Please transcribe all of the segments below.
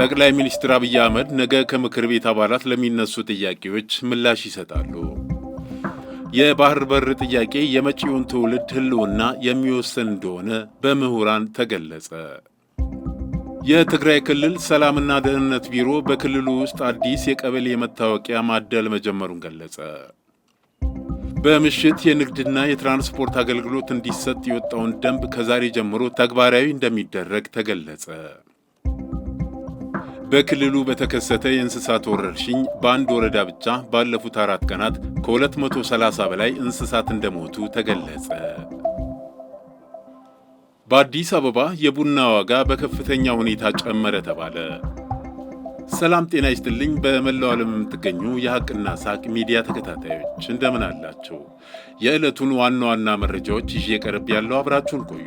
ጠቅላይ ሚኒስትር አብይ አህመድ ነገ ከምክር ቤት አባላት ለሚነሱ ጥያቄዎች ምላሽ ይሰጣሉ። የባህር በር ጥያቄ የመጪውን ትውልድ ህልውና የሚወስን እንደሆነ በምሁራን ተገለጸ። የትግራይ ክልል ሰላምና ደህንነት ቢሮ በክልሉ ውስጥ አዲስ የቀበሌ መታወቂያ ማደል መጀመሩን ገለጸ። በምሽት የንግድና የትራንስፖርት አገልግሎት እንዲሰጥ የወጣውን ደንብ ከዛሬ ጀምሮ ተግባራዊ እንደሚደረግ ተገለጸ። በክልሉ በተከሰተ የእንስሳት ወረርሽኝ በአንድ ወረዳ ብቻ ባለፉት አራት ቀናት ከ230 በላይ እንስሳት እንደሞቱ ተገለጸ። በአዲስ አበባ የቡና ዋጋ በከፍተኛ ሁኔታ ጨመረ ተባለ። ሰላም ጤና ይስጥልኝ። በመላው ዓለም የምትገኙ የሐቅና ሳቅ ሚዲያ ተከታታዮች እንደምን አላቸው? የዕለቱን ዋና ዋና መረጃዎች ይዤ ቀርብ ያለው አብራችሁን ቆዩ።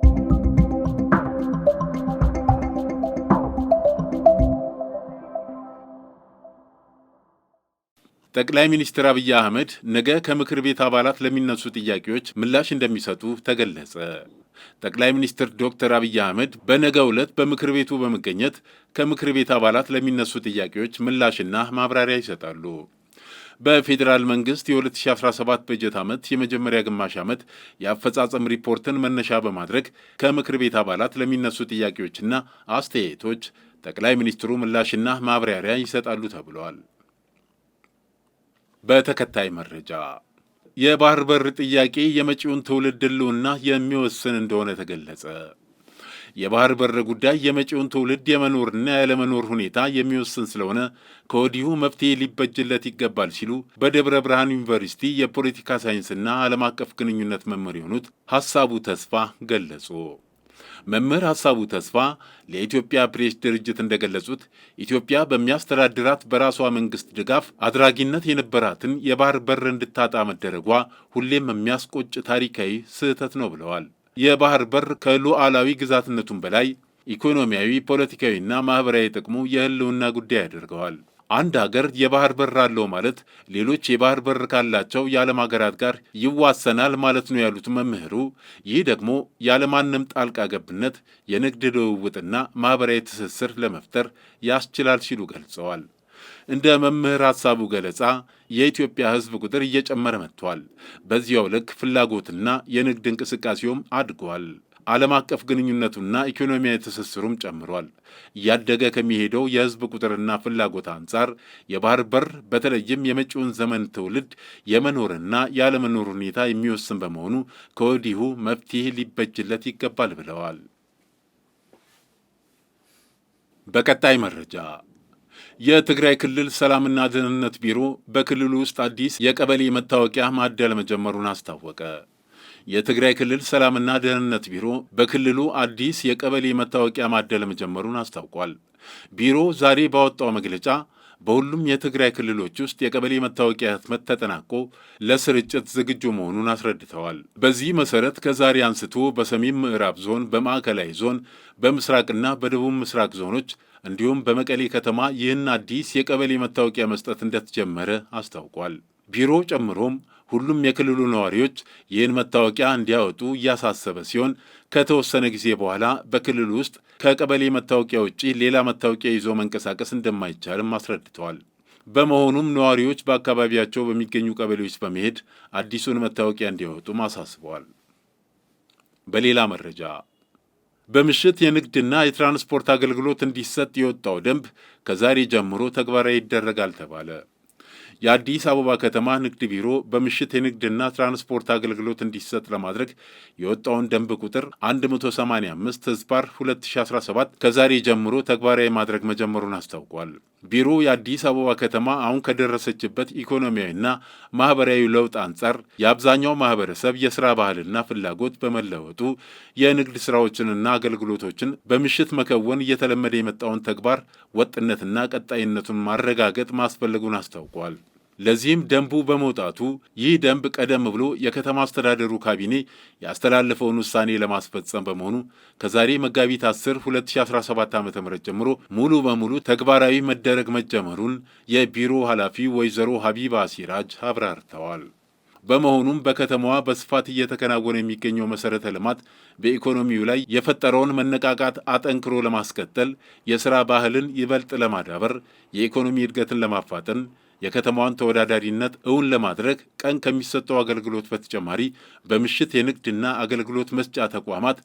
ጠቅላይ ሚኒስትር አብይ አህመድ ነገ ከምክር ቤት አባላት ለሚነሱ ጥያቄዎች ምላሽ እንደሚሰጡ ተገለጸ። ጠቅላይ ሚኒስትር ዶክተር አብይ አህመድ በነገ ዕለት በምክር ቤቱ በመገኘት ከምክር ቤት አባላት ለሚነሱ ጥያቄዎች ምላሽና ማብራሪያ ይሰጣሉ። በፌዴራል መንግስት የ2017 በጀት ዓመት የመጀመሪያ ግማሽ ዓመት የአፈጻጸም ሪፖርትን መነሻ በማድረግ ከምክር ቤት አባላት ለሚነሱ ጥያቄዎችና አስተያየቶች ጠቅላይ ሚኒስትሩ ምላሽና ማብራሪያ ይሰጣሉ ተብለዋል። በተከታይ መረጃ የባህር በር ጥያቄ የመጪውን ትውልድ ሕልውና የሚወስን እንደሆነ ተገለጸ። የባህር በር ጉዳይ የመጪውን ትውልድ የመኖርና ያለመኖር ሁኔታ የሚወስን ስለሆነ ከወዲሁ መፍትሄ ሊበጅለት ይገባል ሲሉ በደብረ ብርሃን ዩኒቨርሲቲ የፖለቲካ ሳይንስና ዓለም አቀፍ ግንኙነት መምህር የሆኑት ሐሳቡ ተስፋ ገለጹ። መምህር ሀሳቡ ተስፋ ለኢትዮጵያ ፕሬስ ድርጅት እንደገለጹት ኢትዮጵያ በሚያስተዳድራት በራሷ መንግስት ድጋፍ አድራጊነት የነበራትን የባህር በር እንድታጣ መደረጓ ሁሌም የሚያስቆጭ ታሪካዊ ስህተት ነው ብለዋል። የባህር በር ከሉዓላዊ ግዛትነቱም በላይ ኢኮኖሚያዊ፣ ፖለቲካዊና ማኅበራዊ ጥቅሙ የህልውና ጉዳይ ያደርገዋል። አንድ ሀገር የባህር በር አለው ማለት ሌሎች የባህር በር ካላቸው የዓለም ሀገራት ጋር ይዋሰናል ማለት ነው ያሉት መምህሩ፣ ይህ ደግሞ ያለማንም ጣልቃ ገብነት የንግድ ልውውጥና ማኅበራዊ ትስስር ለመፍጠር ያስችላል ሲሉ ገልጸዋል። እንደ መምህር ሐሳቡ ገለጻ የኢትዮጵያ ሕዝብ ቁጥር እየጨመረ መጥቷል። በዚያው ልክ ፍላጎትና የንግድ እንቅስቃሴውም አድጓል። ዓለም አቀፍ ግንኙነቱና ኢኮኖሚያዊ ትስስሩም ጨምሯል። እያደገ ከሚሄደው የህዝብ ቁጥርና ፍላጎት አንጻር የባህር በር በተለይም የመጪውን ዘመን ትውልድ የመኖርና ያለመኖር ሁኔታ የሚወስን በመሆኑ ከወዲሁ መፍትሄ ሊበጅለት ይገባል ብለዋል። በቀጣይ መረጃ የትግራይ ክልል ሰላምና ደህንነት ቢሮ በክልሉ ውስጥ አዲስ የቀበሌ መታወቂያ ማደል መጀመሩን አስታወቀ። የትግራይ ክልል ሰላምና ደህንነት ቢሮ በክልሉ አዲስ የቀበሌ መታወቂያ ማደል መጀመሩን አስታውቋል። ቢሮ ዛሬ ባወጣው መግለጫ በሁሉም የትግራይ ክልሎች ውስጥ የቀበሌ መታወቂያ ህትመት ተጠናቆ ለስርጭት ዝግጁ መሆኑን አስረድተዋል። በዚህ መሰረት ከዛሬ አንስቶ በሰሜን ምዕራብ ዞን፣ በማዕከላዊ ዞን፣ በምስራቅና በደቡብ ምስራቅ ዞኖች እንዲሁም በመቀሌ ከተማ ይህን አዲስ የቀበሌ መታወቂያ መስጠት እንደተጀመረ አስታውቋል። ቢሮ ጨምሮም ሁሉም የክልሉ ነዋሪዎች ይህን መታወቂያ እንዲያወጡ እያሳሰበ ሲሆን ከተወሰነ ጊዜ በኋላ በክልሉ ውስጥ ከቀበሌ መታወቂያ ውጪ ሌላ መታወቂያ ይዞ መንቀሳቀስ እንደማይቻልም አስረድተዋል። በመሆኑም ነዋሪዎች በአካባቢያቸው በሚገኙ ቀበሌዎች በመሄድ አዲሱን መታወቂያ እንዲያወጡም አሳስበዋል። በሌላ መረጃ በምሽት የንግድና የትራንስፖርት አገልግሎት እንዲሰጥ የወጣው ደንብ ከዛሬ ጀምሮ ተግባራዊ ይደረጋል ተባለ። የአዲስ አበባ ከተማ ንግድ ቢሮ በምሽት የንግድና ትራንስፖርት አገልግሎት እንዲሰጥ ለማድረግ የወጣውን ደንብ ቁጥር 185 ህዝባር 2017 ከዛሬ ጀምሮ ተግባራዊ ማድረግ መጀመሩን አስታውቋል። ቢሮው የአዲስ አበባ ከተማ አሁን ከደረሰችበት ኢኮኖሚያዊና ማህበራዊ ለውጥ አንጻር የአብዛኛው ማህበረሰብ የስራ ባህልና ፍላጎት በመለወጡ የንግድ ስራዎችንና አገልግሎቶችን በምሽት መከወን እየተለመደ የመጣውን ተግባር ወጥነትና ቀጣይነቱን ማረጋገጥ ማስፈለጉን አስታውቋል። ለዚህም ደንቡ በመውጣቱ ይህ ደንብ ቀደም ብሎ የከተማ አስተዳደሩ ካቢኔ ያስተላለፈውን ውሳኔ ለማስፈጸም በመሆኑ ከዛሬ መጋቢት 10 2017 ዓ ም ጀምሮ ሙሉ በሙሉ ተግባራዊ መደረግ መጀመሩን የቢሮ ኃላፊ ወይዘሮ ሀቢባ ሲራጅ አብራርተዋል። በመሆኑም በከተማዋ በስፋት እየተከናወነ የሚገኘው መሰረተ ልማት በኢኮኖሚው ላይ የፈጠረውን መነቃቃት አጠንክሮ ለማስቀጠል፣ የሥራ ባህልን ይበልጥ ለማዳበር፣ የኢኮኖሚ እድገትን ለማፋጠን የከተማዋን ተወዳዳሪነት እውን ለማድረግ ቀን ከሚሰጠው አገልግሎት በተጨማሪ በምሽት የንግድና አገልግሎት መስጫ ተቋማት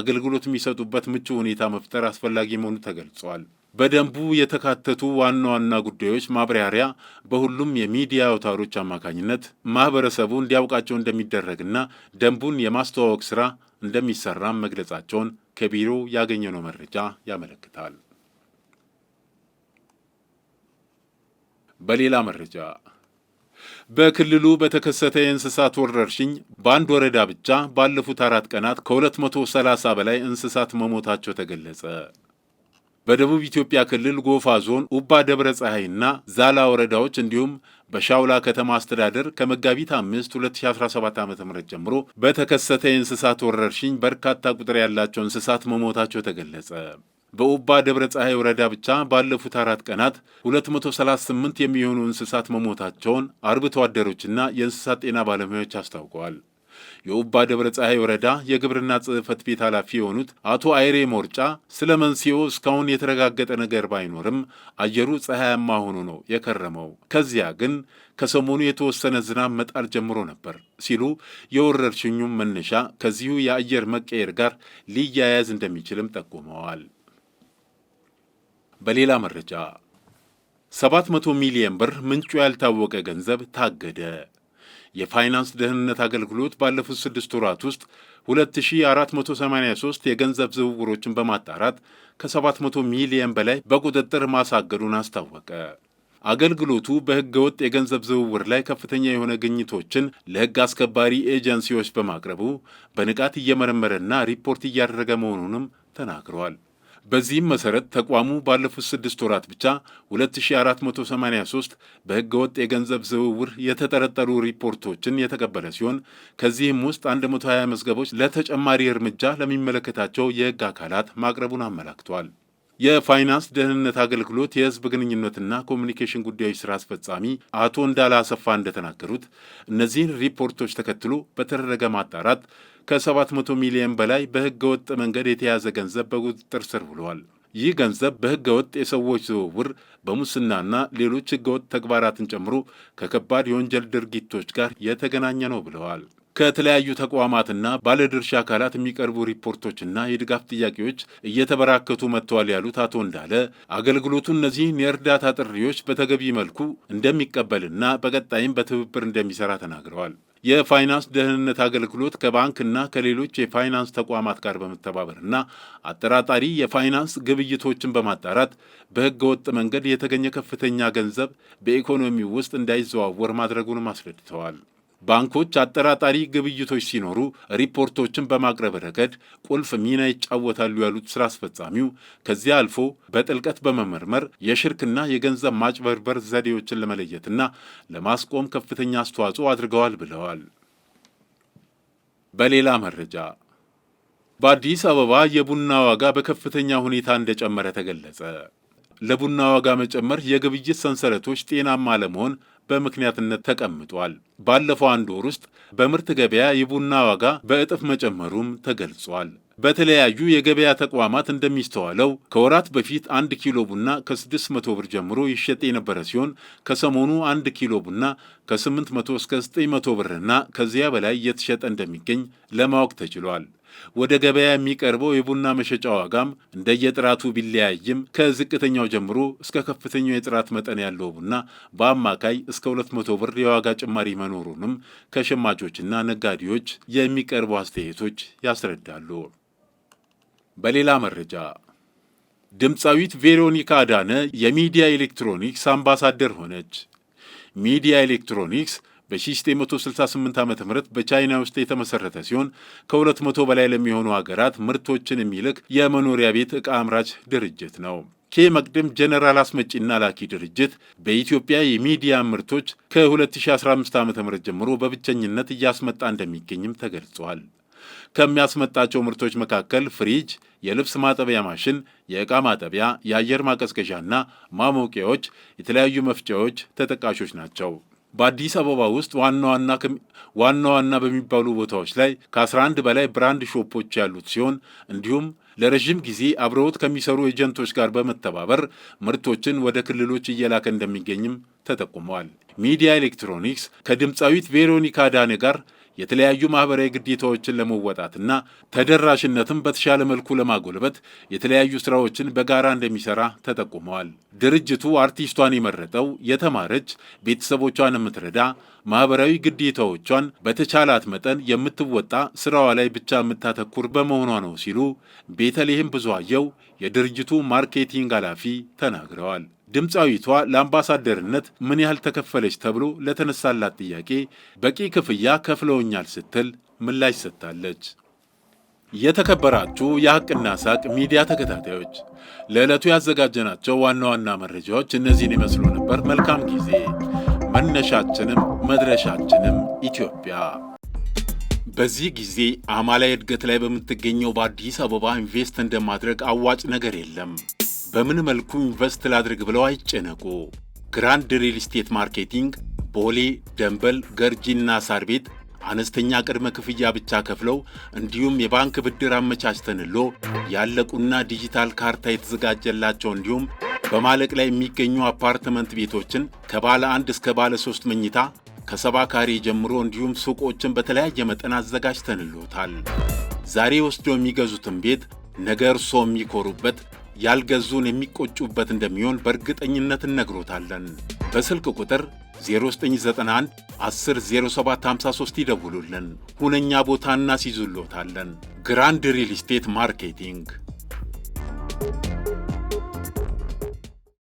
አገልግሎት የሚሰጡበት ምቹ ሁኔታ መፍጠር አስፈላጊ መሆኑ ተገልጿል። በደንቡ የተካተቱ ዋና ዋና ጉዳዮች ማብራሪያ በሁሉም የሚዲያ አውታሮች አማካኝነት ማህበረሰቡ እንዲያውቃቸው እንደሚደረግና ደንቡን የማስተዋወቅ ስራ እንደሚሰራም መግለጻቸውን ከቢሮ ያገኘነው መረጃ ያመለክታል። በሌላ መረጃ በክልሉ በተከሰተ የእንስሳት ወረርሽኝ በአንድ ወረዳ ብቻ ባለፉት አራት ቀናት ከ230 በላይ እንስሳት መሞታቸው ተገለጸ። በደቡብ ኢትዮጵያ ክልል ጎፋ ዞን ኡባ ደብረ ፀሐይና ዛላ ወረዳዎች እንዲሁም በሻውላ ከተማ አስተዳደር ከመጋቢት 5 2017 ዓ ም ጀምሮ በተከሰተ የእንስሳት ወረርሽኝ በርካታ ቁጥር ያላቸው እንስሳት መሞታቸው ተገለጸ። በኡባ ደብረ ፀሐይ ወረዳ ብቻ ባለፉት አራት ቀናት 238 የሚሆኑ እንስሳት መሞታቸውን አርብቶ አደሮችና የእንስሳት ጤና ባለሙያዎች አስታውቀዋል። የኡባ ደብረ ፀሐይ ወረዳ የግብርና ጽሕፈት ቤት ኃላፊ የሆኑት አቶ አይሬ ሞርጫ ስለ መንስኤው እስካሁን የተረጋገጠ ነገር ባይኖርም አየሩ ፀሐያማ ሆኖ ነው የከረመው፣ ከዚያ ግን ከሰሞኑ የተወሰነ ዝናብ መጣል ጀምሮ ነበር ሲሉ የወረርሽኙም መነሻ ከዚሁ የአየር መቀየር ጋር ሊያያዝ እንደሚችልም ጠቁመዋል። በሌላ መረጃ 700 ሚሊዮን ብር ምንጩ ያልታወቀ ገንዘብ ታገደ። የፋይናንስ ደህንነት አገልግሎት ባለፉት ስድስት ወራት ውስጥ 2483 የገንዘብ ዝውውሮችን በማጣራት ከ700 ሚሊዮን በላይ በቁጥጥር ማሳገዱን አስታወቀ። አገልግሎቱ በሕገ ወጥ የገንዘብ ዝውውር ላይ ከፍተኛ የሆነ ግኝቶችን ለሕግ አስከባሪ ኤጀንሲዎች በማቅረቡ በንቃት እየመረመረና ሪፖርት እያደረገ መሆኑንም ተናግረዋል። በዚህም መሰረት ተቋሙ ባለፉት ስድስት ወራት ብቻ 2483 በህገወጥ የገንዘብ ዝውውር የተጠረጠሩ ሪፖርቶችን የተቀበለ ሲሆን ከዚህም ውስጥ 120 መዝገቦች ለተጨማሪ እርምጃ ለሚመለከታቸው የህግ አካላት ማቅረቡን አመላክቷል የፋይናንስ ደህንነት አገልግሎት የህዝብ ግንኙነትና ኮሚኒኬሽን ጉዳዮች ስራ አስፈጻሚ አቶ እንዳለ አሰፋ እንደተናገሩት እነዚህን ሪፖርቶች ተከትሎ በተደረገ ማጣራት ከ700 ሚሊየን በላይ በህገወጥ መንገድ የተያዘ ገንዘብ በቁጥጥር ስር ውለዋል። ይህ ገንዘብ በህገወጥ የሰዎች ዝውውር፣ በሙስናና ሌሎች ህገወጥ ተግባራትን ጨምሮ ከከባድ የወንጀል ድርጊቶች ጋር የተገናኘ ነው ብለዋል። ከተለያዩ ተቋማትና ባለድርሻ አካላት የሚቀርቡ ሪፖርቶችና የድጋፍ ጥያቄዎች እየተበራከቱ መጥተዋል ያሉት አቶ እንዳለ አገልግሎቱ እነዚህን የእርዳታ ጥሪዎች በተገቢ መልኩ እንደሚቀበልና በቀጣይም በትብብር እንደሚሰራ ተናግረዋል። የፋይናንስ ደህንነት አገልግሎት ከባንክና ከሌሎች የፋይናንስ ተቋማት ጋር በመተባበርና አጠራጣሪ የፋይናንስ ግብይቶችን በማጣራት በሕገ ወጥ መንገድ የተገኘ ከፍተኛ ገንዘብ በኢኮኖሚው ውስጥ እንዳይዘዋወር ማድረጉንም አስረድተዋል። ባንኮች አጠራጣሪ ግብይቶች ሲኖሩ ሪፖርቶችን በማቅረብ ረገድ ቁልፍ ሚና ይጫወታሉ ያሉት ስራ አስፈጻሚው ከዚያ አልፎ በጥልቀት በመመርመር የሽርክና የገንዘብ ማጭበርበር ዘዴዎችን ለመለየትና ለማስቆም ከፍተኛ አስተዋጽኦ አድርገዋል ብለዋል። በሌላ መረጃ በአዲስ አበባ የቡና ዋጋ በከፍተኛ ሁኔታ እንደጨመረ ተገለጸ። ለቡና ዋጋ መጨመር የግብይት ሰንሰለቶች ጤናማ ለመሆን በምክንያትነት ተቀምጧል። ባለፈው አንድ ወር ውስጥ በምርት ገበያ የቡና ዋጋ በእጥፍ መጨመሩም ተገልጿል። በተለያዩ የገበያ ተቋማት እንደሚስተዋለው ከወራት በፊት አንድ ኪሎ ቡና ከ600 ብር ጀምሮ ይሸጥ የነበረ ሲሆን ከሰሞኑ አንድ ኪሎ ቡና ከ800 እስከ 900 ብርና ከዚያ በላይ እየተሸጠ እንደሚገኝ ለማወቅ ተችሏል። ወደ ገበያ የሚቀርበው የቡና መሸጫ ዋጋም እንደየጥራቱ ቢለያይም ከዝቅተኛው ጀምሮ እስከ ከፍተኛው የጥራት መጠን ያለው ቡና በአማካይ እስከ 200 ብር የዋጋ ጭማሪ መኖሩንም ከሸማቾችና ነጋዴዎች የሚቀርቡ አስተያየቶች ያስረዳሉ። በሌላ መረጃ ድምፃዊት ቬሮኒካ አዳነ የሚዲያ ኤሌክትሮኒክስ አምባሳደር ሆነች። ሚዲያ ኤሌክትሮኒክስ በ1968 ዓ ም በቻይና ውስጥ የተመሠረተ ሲሆን ከ200 በላይ ለሚሆኑ ሀገራት ምርቶችን የሚልክ የመኖሪያ ቤት ዕቃ አምራች ድርጅት ነው። ኬ መቅድም ጀነራል አስመጪና ላኪ ድርጅት በኢትዮጵያ የሚዲያ ምርቶች ከ2015 ዓ ም ጀምሮ በብቸኝነት እያስመጣ እንደሚገኝም ተገልጿል። ከሚያስመጣቸው ምርቶች መካከል ፍሪጅ፣ የልብስ ማጠቢያ ማሽን፣ የዕቃ ማጠቢያ፣ የአየር ማቀዝቀዣና ማሞቂያዎች፣ የተለያዩ መፍጫዎች ተጠቃሾች ናቸው። በአዲስ አበባ ውስጥ ዋና ዋና ዋና ዋና በሚባሉ ቦታዎች ላይ ከ11 በላይ ብራንድ ሾፖች ያሉት ሲሆን እንዲሁም ለረዥም ጊዜ አብረውት ከሚሰሩ ኤጀንቶች ጋር በመተባበር ምርቶችን ወደ ክልሎች እየላከ እንደሚገኝም ተጠቁመዋል። ሚዲያ ኤሌክትሮኒክስ ከድምፃዊት ቬሮኒካ ዳኔ ጋር የተለያዩ ማህበራዊ ግዴታዎችን ለመወጣትና ተደራሽነትን በተሻለ መልኩ ለማጎልበት የተለያዩ ስራዎችን በጋራ እንደሚሰራ ተጠቁመዋል። ድርጅቱ አርቲስቷን የመረጠው የተማረች ቤተሰቦቿን የምትረዳ ማህበራዊ ግዴታዎቿን በተቻላት መጠን የምትወጣ ስራዋ ላይ ብቻ የምታተኩር በመሆኗ ነው ሲሉ ቤተልሔም ብዙአየው የድርጅቱ ማርኬቲንግ ኃላፊ ተናግረዋል። ድምፃዊቷ ለአምባሳደርነት ምን ያህል ተከፈለች ተብሎ ለተነሳላት ጥያቄ በቂ ክፍያ ከፍለውኛል ስትል ምላሽ ሰጥታለች። የተከበራችሁ የሐቅና ሳቅ ሚዲያ ተከታታዮች ለዕለቱ ያዘጋጀናቸው ዋና ዋና መረጃዎች እነዚህን ይመስሉ ነበር። መልካም ጊዜ መነሻችንም መድረሻችንም ኢትዮጵያ። በዚህ ጊዜ አማላይ እድገት ላይ በምትገኘው በአዲስ አበባ ኢንቨስት እንደማድረግ አዋጭ ነገር የለም። በምን መልኩ ኢንቨስት ላድርግ ብለው አይጨነቁ። ግራንድ ሪል ስቴት ማርኬቲንግ ቦሌ፣ ደንበል፣ ገርጂና ሳር ቤት አነስተኛ ቅድመ ክፍያ ብቻ ከፍለው እንዲሁም የባንክ ብድር አመቻችተንሎ ያለቁና ዲጂታል ካርታ የተዘጋጀላቸው እንዲሁም በማለቅ ላይ የሚገኙ አፓርትመንት ቤቶችን ከባለ አንድ እስከ ባለ ሶስት መኝታ ከሰባ ካሬ ጀምሮ እንዲሁም ሱቆችን በተለያየ መጠን አዘጋጅተንልዎታል። ዛሬ ወስደው የሚገዙትን ቤት ነገ እርስዎ የሚኮሩበት ያልገዙን የሚቆጩበት እንደሚሆን በእርግጠኝነት እነግሮታለን። በስልክ ቁጥር 0991 10 0753 ይደውሉልን። ሁነኛ ቦታ እናስይዙልዎታለን። ግራንድ ሪል ስቴት ማርኬቲንግ